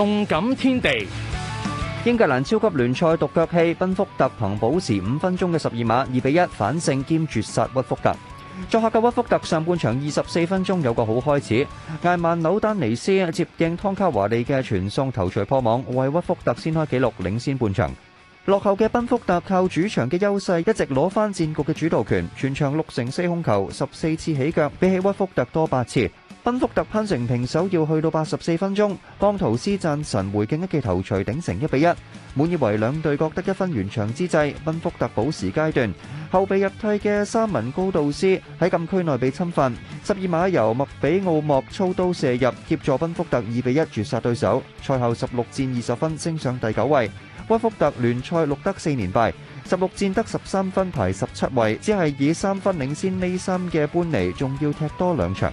動感天地，英格蘭超級聯賽獨腳戲，賓福特憑補時五分鐘嘅十二碼二比一反勝兼絕殺屈福特。作客嘅屈福特上半場二十四分鐘有個好開始，艾曼紐丹尼斯接應湯卡華利嘅傳送頭錘破網，為屈福特先開紀錄，領先半場。落後嘅賓福特靠主場嘅優勢，一直攞翻戰局嘅主導權，全場六成四控球，十四次起腳，比起屈福特多八次。賓福特攀成平手，要去到八十四分鐘。岡圖斯讚神回敬一記頭錘，頂成一比一。滿以為兩隊各得一分完場之際，賓福特補時階段後備入替嘅三文高道斯喺禁區內被侵犯，十二碼由麥比奧莫操刀射入，協助賓福特二比一絕殺對手。賽後十六戰二十分，升上第九位。屈福特聯賽錄得四連敗，十六戰得十三分，排十七位，只係以三分領先。尾三嘅般尼仲要踢多兩場。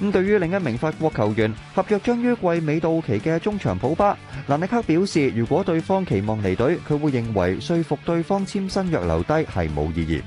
咁對於另一名法國球員，合約將於季尾到期嘅中場普巴，蘭尼克表示，如果對方期望離隊，佢會認為說服對方簽新約留低係冇意義。